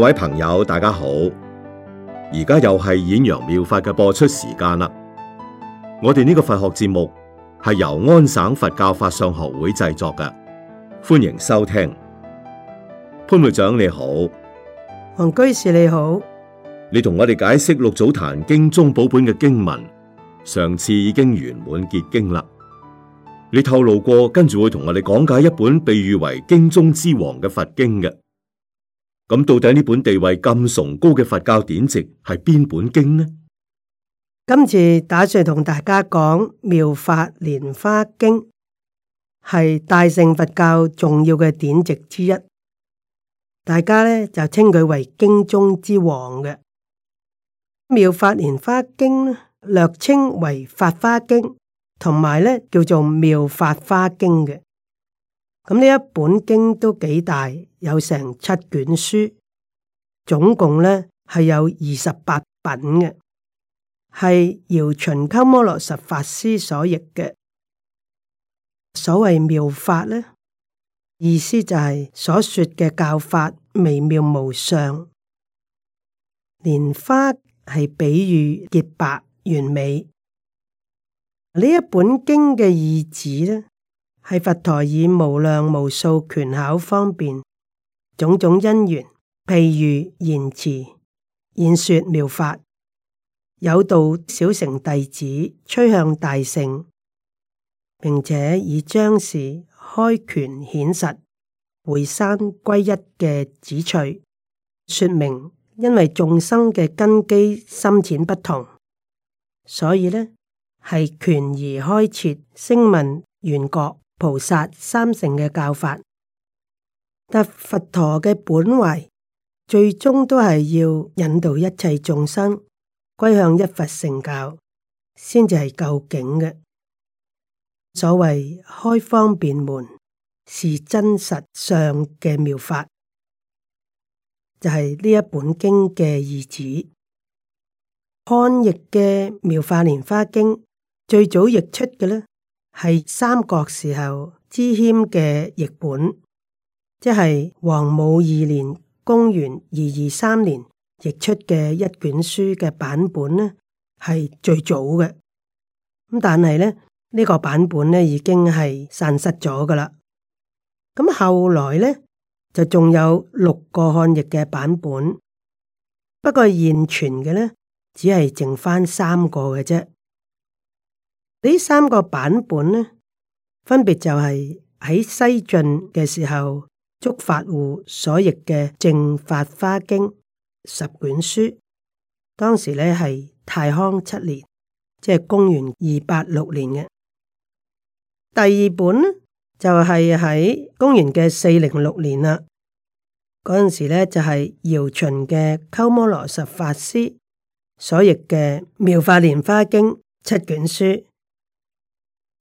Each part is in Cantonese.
各位朋友，大家好！而家又係《演陽妙法》嘅播出時間啦。我哋呢個佛學節目係由安省佛教法相學會製作嘅，歡迎收聽。潘會長你好，黃居士你好，你同我哋解釋六祖壇經宗寶本嘅經文，上次已經圓滿結經啦。你透露過，跟住會同我哋講解一本被譽為經中之王嘅佛經嘅。咁到底呢本地位咁崇高嘅佛教典籍係邊本經呢？今次打算同大家講《妙法蓮華經》，係大乘佛教重要嘅典籍之一，大家咧就稱佢為經中之王嘅《妙法蓮華經》略稱為《法華經》，同埋咧叫做《妙法華經》嘅。咁、嗯、呢一本經都幾大。有成七卷書，總共呢係有二十八品嘅，係姚秦鳩摩羅什法師所譯嘅。所謂妙法呢，意思就係所說嘅教法微妙無上。蓮花係比喻潔白完美。呢一本經嘅意旨呢，係佛陀以無量無數權巧方便。種種因緣，譬喻言辭、言說、妙法，有道小乘弟子趨向大乘，並且以張氏開權顯實、會三歸一嘅旨趣說明，因為眾生嘅根基深淺不同，所以呢係權而開設，聲聞、緣覺、菩薩三乘嘅教法。但佛陀嘅本位，最終都係要引導一切眾生歸向一佛成教，先至係究竟嘅。所謂開方便門，是真實上嘅妙法，就係、是、呢一本經嘅意旨。漢譯嘅《妙法蓮花經》最早譯出嘅咧，係三國時候支謙嘅譯本。即係黃武二年，公元二二三年，譯出嘅一卷書嘅版本呢，係最早嘅。咁但係咧呢，呢個版本呢，已經係散失咗噶啦。咁後來呢，就仲有六個漢譯嘅版本，不過現存嘅呢，只係剩翻三個嘅啫。呢三個版本呢，分別就係喺西晉嘅時候。竺法護所譯嘅《正法華經》十卷書，當時咧係太康七年，即係公元二八六年嘅。第二本呢就係、是、喺公元嘅四零六年啦，嗰陣時咧就係、是、姚秦嘅鳩摩羅什法師所譯嘅《妙法蓮華經》七卷書。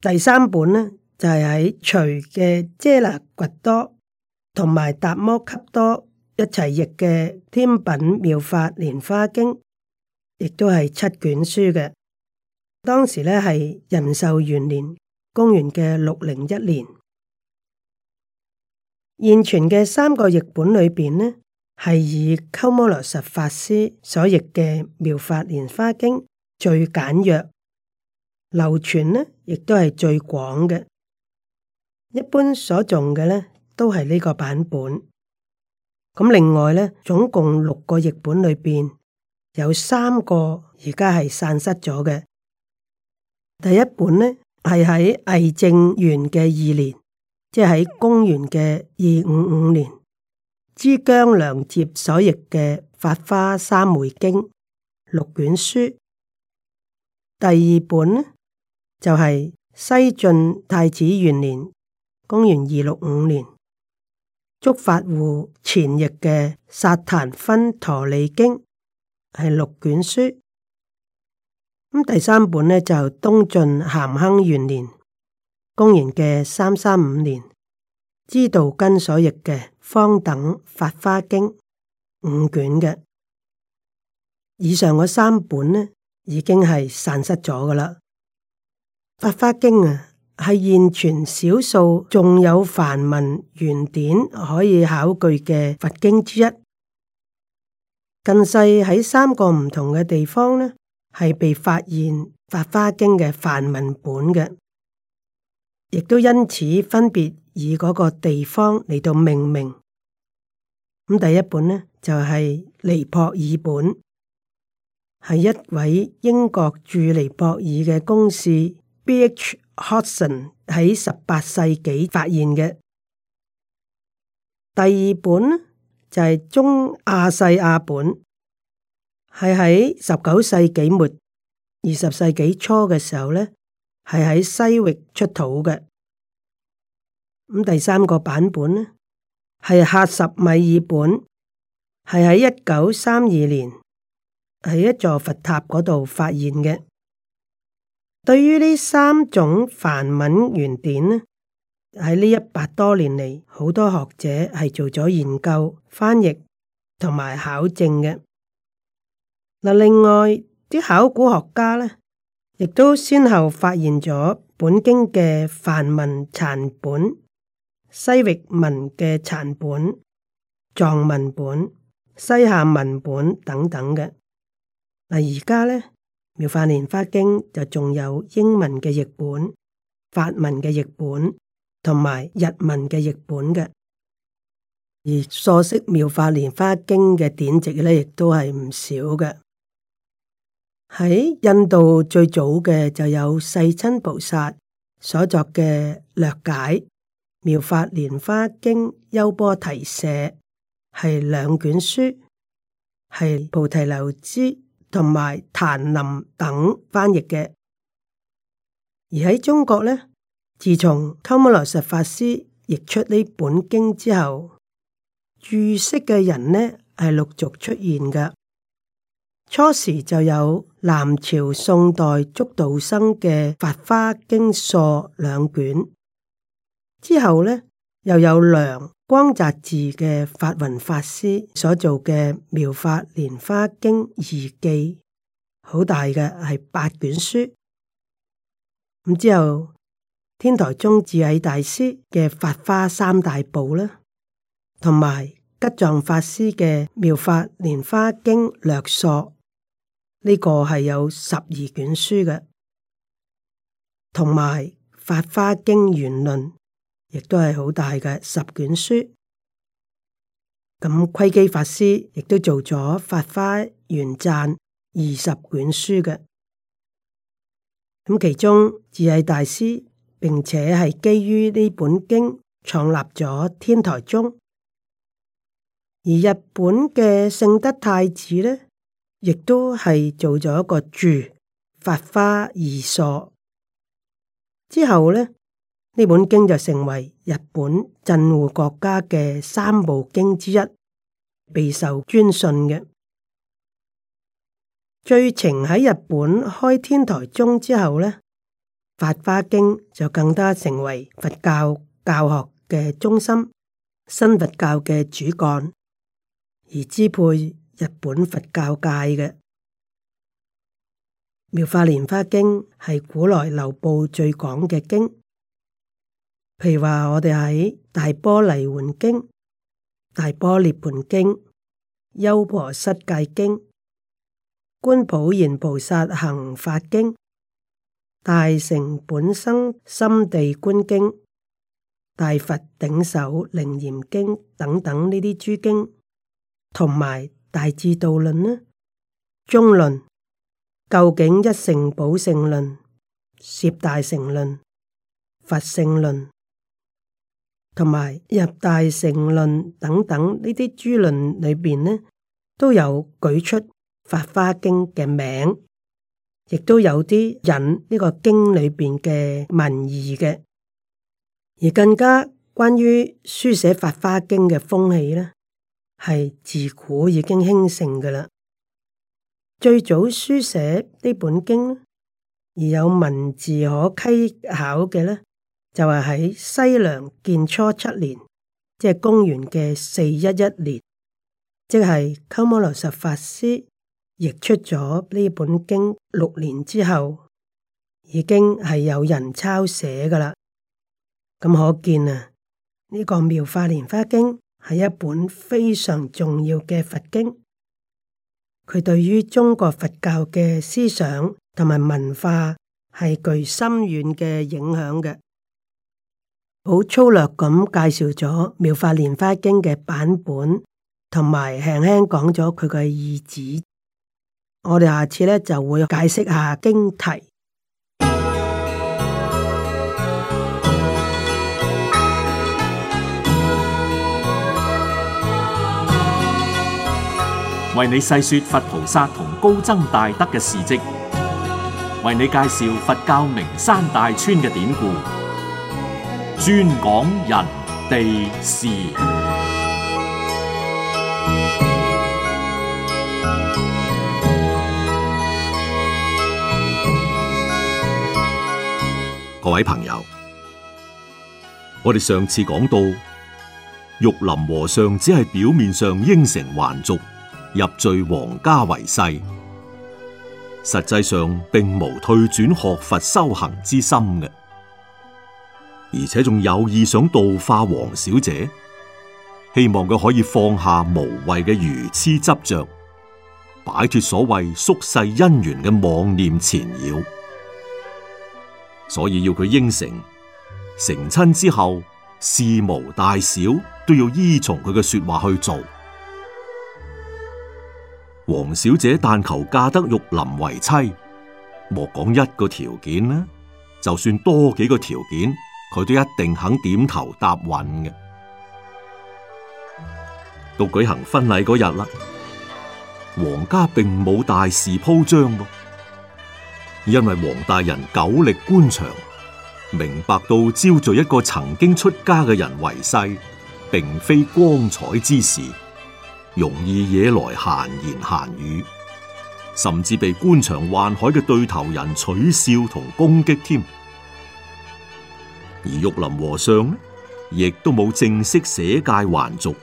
第三本呢就係喺隋嘅遮那崛多，同埋達摩笈多一齊譯嘅添品妙法蓮華經，亦都係七卷書嘅。當時呢係仁壽元年，公元嘅六零一年。現存嘅三個譯本裏邊呢，係以鳩摩羅什法師所譯嘅妙法蓮華經最簡約，流傳呢亦都係最廣嘅。一般所誦嘅呢。都係呢個版本。咁另外呢，總共六個譯本裏邊，有三個而家係散失咗嘅。第一本呢，係喺魏正元嘅二年，即係喺公元嘅二五五年，支彊梁接所譯嘅《法花三昧經》六卷書。第二本呢，就係、是、西晉泰始元年，公元二六五年。竺法護前譯嘅《薩曇芬陀利經》係六卷書，咁第三本呢，就東晉咸康元年公元嘅三三五年，支道根所譯嘅《方等法花經》五卷嘅。以上嗰三本呢，已經係散失咗噶啦，《法花經》啊。係現存少數仲有梵文原典可以考據嘅佛經之一。近世喺三個唔同嘅地方呢，係被發現《法華經》嘅梵文本嘅，亦都因此分別以嗰個地方嚟到命名。咁第一本呢，就係、是、尼泊爾本，係一位英國駐尼泊爾嘅公使 Bh。Hudson 喺十八世紀發現嘅，第二本就係、是、中亞細亞本，係喺十九世紀末二十世紀初嘅時候呢，係喺西域出土嘅。咁第三個版本呢，係喀什米爾本，係喺一九三二年喺一座佛塔嗰度發現嘅。對於呢三種梵文原典咧，喺呢一百多年嚟，好多學者係做咗研究、翻譯同埋考證嘅。嗱，另外啲考古學家呢，亦都先後發現咗本經嘅梵文殘本、西域文嘅殘本、藏文本、西夏文本等等嘅。嗱，而家呢。《妙法蓮華經》就仲有英文嘅譯本、法文嘅譯本同埋日文嘅譯本嘅，而疏釋《妙法蓮華經》嘅典籍呢，亦都係唔少嘅。喺印度最早嘅就有世親菩薩所作嘅略解《妙法蓮華經》，優波提舍，係兩卷書，係菩提流支。同埋譚林等翻譯嘅，而喺中國呢，自從鳩摩羅什法師譯出呢本經之後，注釋嘅人呢係陸續出現㗎。初時就有南朝宋代竺道生嘅《法花經疏》兩卷，之後呢，又有梁光澤寺嘅法雲法師所做嘅《妙法蓮花經義記》，好大嘅係八卷書。咁之後，天台宗智顗大師嘅《法花三大部》啦，同埋吉藏法師嘅《妙法蓮花經略疏》這，呢個係有十二卷書嘅，同埋《法花經玄論》。亦都係好大嘅十卷書，咁窺基法師亦都做咗法華玄贊二十卷書嘅，咁其中智者大師，並且係基於呢本經創立咗天台宗，而日本嘅聖德太子咧，亦都係做咗一個註法華義疏。之後咧。呢本經就成為日本鎮護國家嘅三部經之一，備受尊信嘅。最澄喺日本開天台宗之後呢，法花經就更加成為佛教教學嘅中心，新佛教嘅主幹，而支配日本佛教界嘅《妙法蓮花經》係古來流布最廣嘅經。譬如話，我哋喺《大般泥洹經》《大般涅盤經》《優婆塞戒經》《觀普賢菩薩行法經》《大乘本生心地觀經》《大佛頂首楞嚴經》等等呢啲諸經，同埋《大智度論》呢，《中論》《究竟一乘寶性論》《攝大乘論》《佛性論》。同埋入大乘論等等呢啲諸論裏邊呢，都有舉出法華經嘅名，亦都有啲引呢個經裏邊嘅文義嘅。而更加關於書寫法華經嘅風氣呢，係自古已經興盛㗎喇。最早書寫呢本經呢而有文字可稽考嘅呢？就係喺西涼建初七年，即係公元嘅四一一年，即係鳩摩羅什法師譯出咗呢本經六年之後，已經係有人抄寫噶啦。咁可見啊，呢個妙法蓮花經係一本非常重要嘅佛經，佢對於中國佛教嘅思想同埋文化係具深遠嘅影響嘅。好粗略咁介紹咗《妙法蓮華經》嘅版本，同埋輕輕講咗佢嘅意旨。我哋下次呢就會解釋下經題。為你細說佛菩薩同高僧大德嘅事跡，為你介紹佛教名山大川嘅典故。專講人地事，各位朋友，我哋上次講到，玉林和尚只係表面上應承還俗入贅皇家為婿，實際上並無退轉學佛修行之心嘅，而且仲有意想度化王小姐，希望佢可以放下無謂嘅愚癡執着，擺脫所謂宿世姻緣嘅妄念纏繞，所以要佢應承。成親之後，事無大小都要依從佢嘅說話去做。王小姐但求嫁得玉林為妻，莫講一個條件啦，就算多幾個條件。佢都一定肯點頭答允嘅。到舉行婚禮嗰日啦，王家並冇大事鋪張喎，因為王大人久歷官場，明白到招聚一個曾經出家嘅人為婿，並非光彩之事，容易惹來閒言閒語，甚至被官場宦海嘅對頭人取笑同攻擊添。而玉林和尚呢，亦都冇正式寫戒還俗，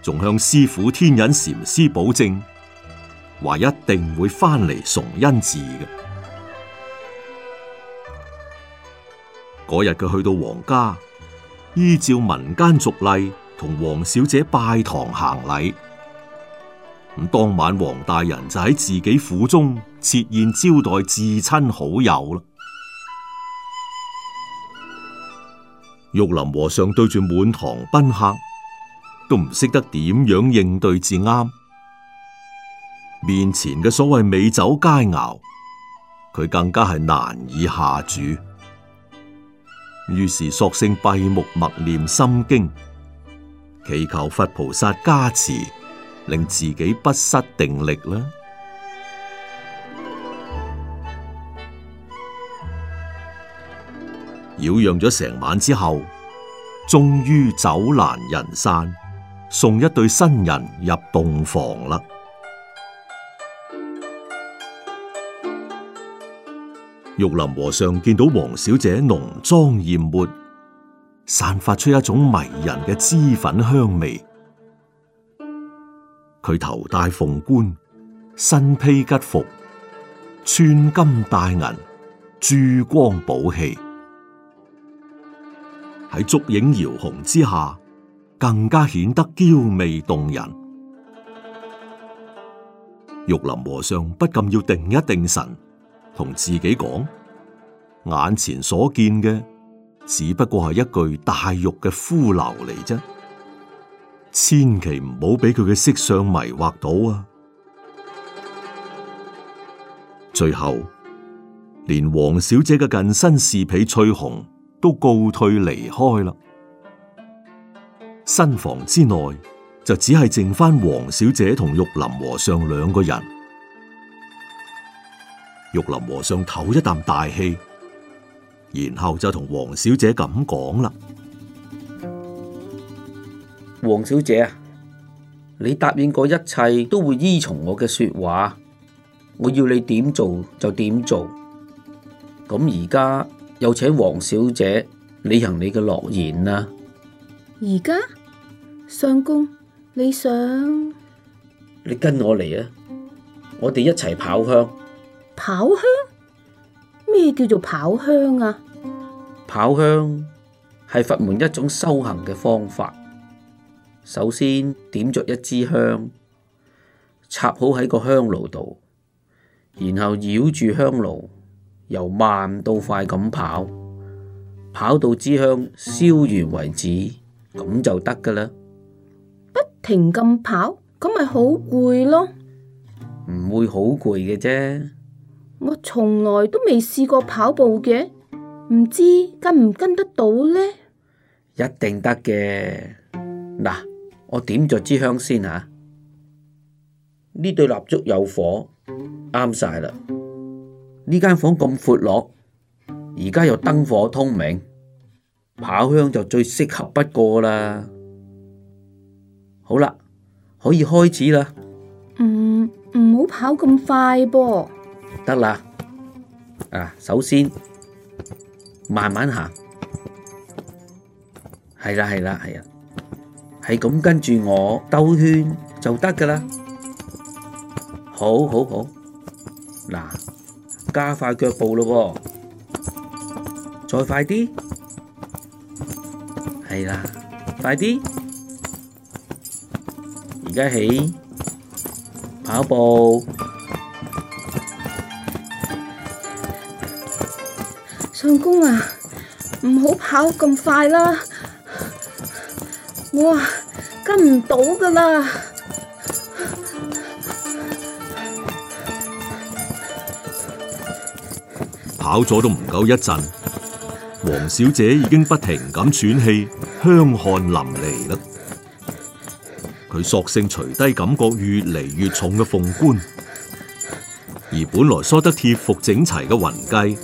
仲向師傅天隱禪師保證，話一定會翻嚟崇恩寺嘅。嗰日佢去到王家，依照民間俗例，同王小姐拜堂行禮。咁當晚，王大人就喺自己府中設宴招待至親好友啦。玉林和尚對住滿堂賓客，都唔識得點樣應對至啱。面前嘅所謂美酒佳肴，佢更加係難以下箸。於是索性閉目默念心經，祈求佛菩薩加持，令自己不失定力啦。擾攘咗成晚之後，終於走難人散，送一對新人入洞房啦。玉林和尚見到黃小姐濃妝艷抹，散發出一種迷人嘅脂粉香味。佢頭戴鳳冠，身披吉服，穿金戴銀，珠光寶氣。喺燭影搖紅之下，更加顯得嬌媚動人。玉林和尚不禁要定一定神，同自己講：眼前所見嘅只不過係一具大肉嘅骷髏嚟啫，千祈唔好俾佢嘅色相迷惑到啊！最後，連黃小姐嘅近身侍婢翠紅。都告退離開啦。新房之內就只係剩翻黃小姐同玉林和尚兩個人。玉林和尚唞一啖大氣，然後就同黃小姐咁講啦。黃小姐啊，你答應過一切都會依從我嘅說話，我要你點做就點做。咁而家。又請黃小姐履行你嘅諾言啦。啊！而家，相公你想？你跟我嚟！啊！我哋一齊跑香。跑香？咩叫做跑香啊？跑香係佛門一種修行嘅方法。首先點着一支香，插好喺個香爐度，然後繞住香爐。由慢到快咁跑，跑到支香燒完為止，咁就得噶啦。不停咁跑，咁咪好攰咯。唔會好攰嘅啫。我從來都未試過跑步嘅，唔知跟唔跟得到呢。一定得嘅。嗱，我點咗支香先吓，呢對蠟燭有火，啱晒啦。呢間房咁闊落，而家又燈火通明，跑香就最適合不過啦。好啦，可以開始啦。唔唔，好跑咁快噃。得啦，啊，首先慢慢行。係啦係啦係啦，係咁跟住我兜圈就得噶啦。好，好，好，嗱。加快腳步咯，喔，再快啲！係喇，快啲！而家起跑步，相公啊，唔好跑咁快啦，我啊跟唔到㗎喇。跑咗都唔夠一陣，黃小姐已經不停咁喘氣，香汗淋漓啦。佢索性除低感覺越嚟越重嘅鳳冠，而本來梳得貼服整齊嘅雲髻，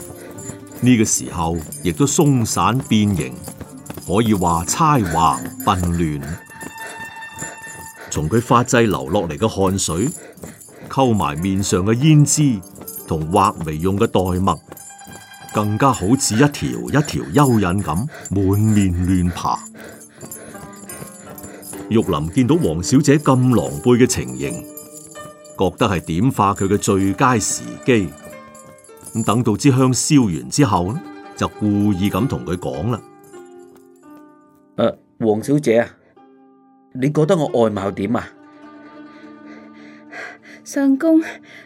呢、這個時候亦都鬆散變形，可以話釵橫鬢亂。從佢髮際流落嚟嘅汗水，溝埋面上嘅胭脂同畫眉用嘅黛墨更加好似一條一條蚯蚓咁滿面亂爬。玉林見到黃小姐咁狼狽嘅情形，覺得係點化佢嘅最佳時機。咁等到支香燒完之後，就故意咁同佢講啦。誒、啊，黃小姐啊，你覺得我外貌點啊？相公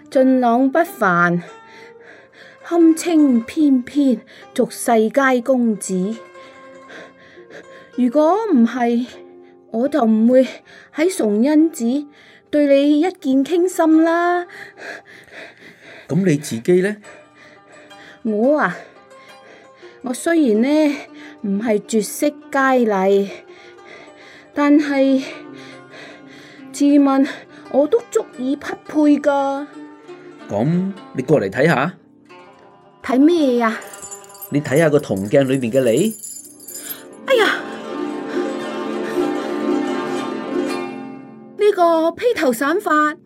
俊朗不凡。堪稱翩翩，俗世佳公子，如果唔係，我就唔會喺崇恩寺對你一見傾心啦。咁你自己呢？我啊，我雖然呢唔係絕色佳麗，但係自問我都足以匹配噶。咁你過嚟睇下。睇咩啊？呀你睇下個銅鏡裏面嘅你。哎呀！呢、這個披頭散髮、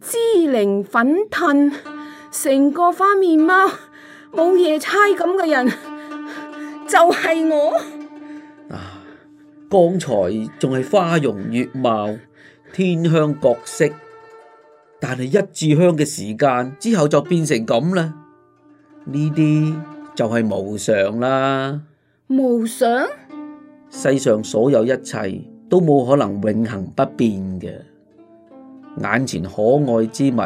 脂凝粉褪、成個花面貓、冇夜差咁嘅人，就係、是、我。嗱、啊，剛才仲係花容月貌、天香國色，但係一炷香嘅時間之後就變成咁啦。呢啲就係無常啦，無常想。世上所有一切都冇可能永恆不變嘅，眼前可愛之物，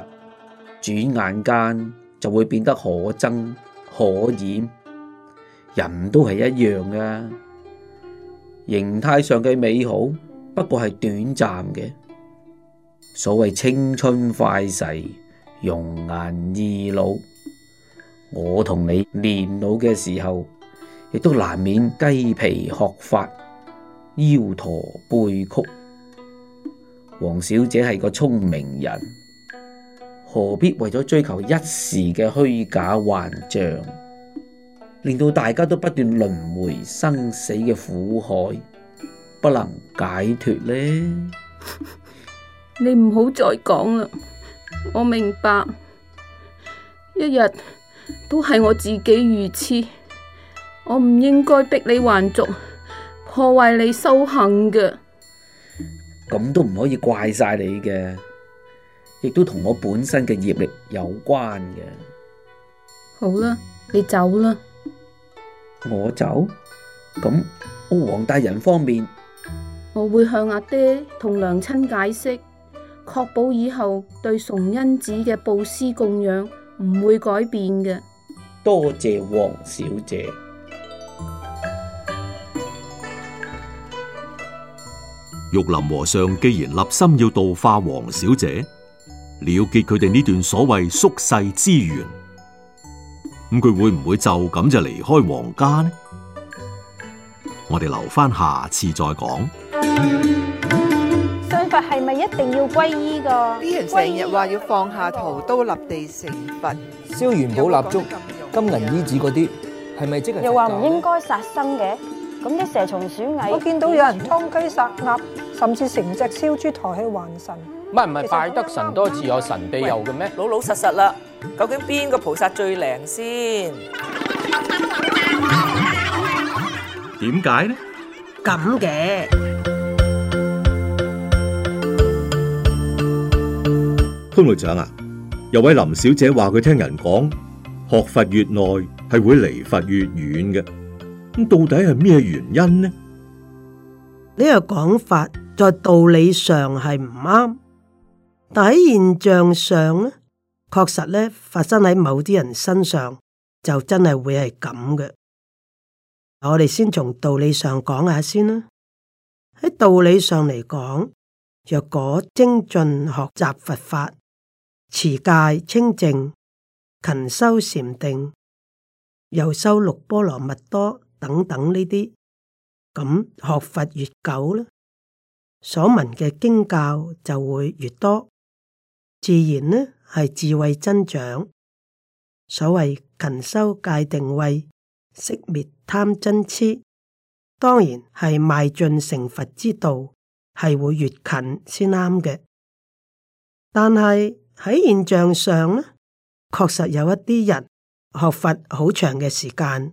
轉眼間就會變得可憎可厭。人都係一樣噶，形態上嘅美好不過係短暫嘅。所謂青春快逝，容顏易老。我同你年老嘅時候，亦都難免雞皮鶴髮、腰駝背曲。黃小姐係個聰明人，何必為咗追求一時嘅虛假幻象，令到大家都不斷輪回生死嘅苦海，不能解脫呢？你唔好再講啦，我明白。一日。都係我自己愚癡，我唔應該逼你還俗，破壞你修行嘅。咁都唔可以怪晒你嘅，亦都同我本身嘅業力有關嘅。好啦，你走啦。我走？咁阿王大人方面，我會向阿爹同娘親解釋，確保以後對崇恩寺嘅布施供養唔會改變嘅。多謝王小姐，玉林和尚既然立心要度化王小姐，了結佢哋呢段所謂宿世之緣，咁佢會唔會就咁就離開王家呢？我哋留翻下次再講。嗯係咪一定要皈依㗎？啲人成日話要放下屠刀立地成佛，燒元寶蠟燭、金銀衣紙嗰啲，係咪即係？又話唔應該殺生嘅，咁啲蛇蟲鼠蟻，我見到有人劏雞殺鴨，甚至成隻燒豬抬去還神。唔係唔係，拜得神多自有神庇佑嘅咩？老老實實啦，究竟邊個菩薩最靈先？點解呢？咁嘅。鍾律長啊，有位林小姐話佢聽人講，學佛越耐係會離佛越遠嘅，咁到底係咩原因呢？呢個講法在道理上係唔啱，但喺現象上咧，確實咧發生喺某啲人身上就真係會係咁嘅。我哋先從道理上講下先啦。喺道理上嚟講，若果精進學習佛法，持戒、清淨、勤修禪定，又修六波羅蜜多等等呢啲，咁學佛越久咧，所聞嘅經教就會越多，自然呢係智慧增長。所謂勤修戒定慧，息滅貪嗔癡，當然係邁進成佛之道，係會越近先啱嘅。但係。喺現象上咧，確實有一啲人學佛好長嘅時間，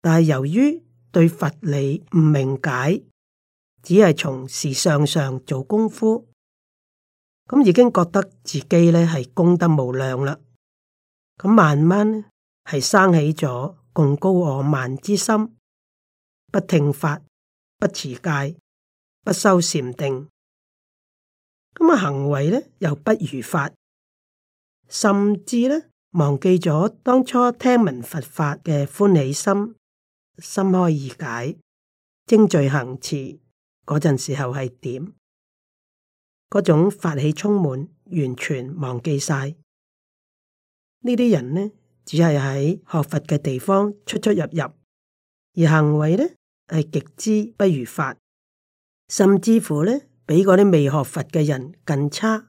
但係由於對佛理唔明解，只係從事相上做功夫，咁已經覺得自己咧係功德無量啦。咁慢慢咧係生起咗貢高我慢之心，不聽法，不持戒，不修禪定。咁行為咧又不如法，甚至咧忘記咗當初聽聞佛法嘅歡喜心，心開意解，精進行持嗰陣時候係點？嗰種法氣充滿，完全忘記晒。呢啲人呢，只係喺學佛嘅地方出出入入，而行為咧係極之不如法，甚至乎咧。比嗰啲未學佛嘅人更差，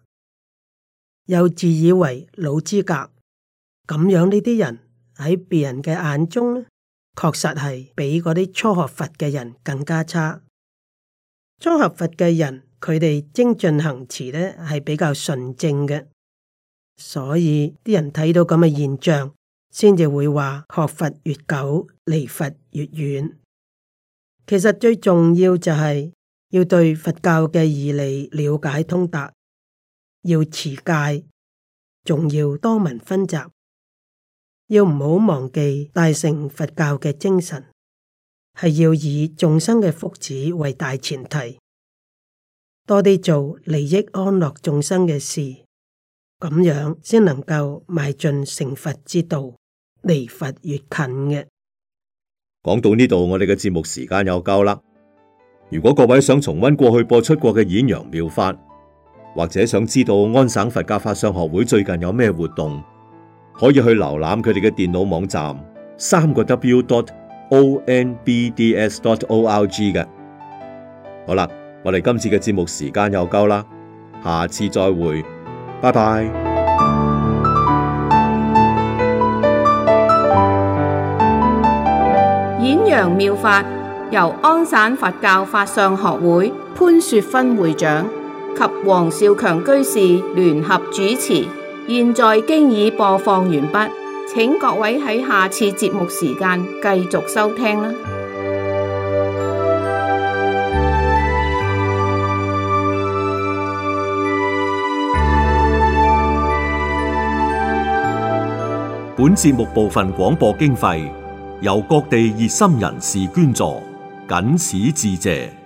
又自以為老資格，咁樣呢啲人喺別人嘅眼中呢，確實係比嗰啲初學佛嘅人更加差。初學佛嘅人，佢哋精進行持呢，係比較純正嘅，所以啲人睇到咁嘅現象，先至會話，學佛越久離佛越遠。其實最重要就係，是。要對佛教嘅義理了解通達，要持戒，仲要多聞分集。要唔好忘記大乘佛教嘅精神，係要以眾生嘅福祉為大前提，多啲做利益安樂眾生嘅事，咁樣先能夠邁進成佛之道，離佛越近嘅。講到呢度，我哋嘅節目時間有夠啦。如果各位想重温過去播出過嘅演揚妙法，或者想知道安省佛教法相學會最近有咩活動，可以去瀏覽佢哋嘅電腦網站，三個 w.dot.o.n.b.d.s.dot.o.r.g 嘅。好啦，我哋今次嘅節目時間又夠啦，下次再會，拜拜。演揚妙法。由安省佛教法相學會潘雪芬會長及黃少強居士聯合主持，現在經已播放完畢，請各位喺下次節目時間繼續收聽啦。本節目部分廣播經費由各地熱心人士捐助。僅此致謝。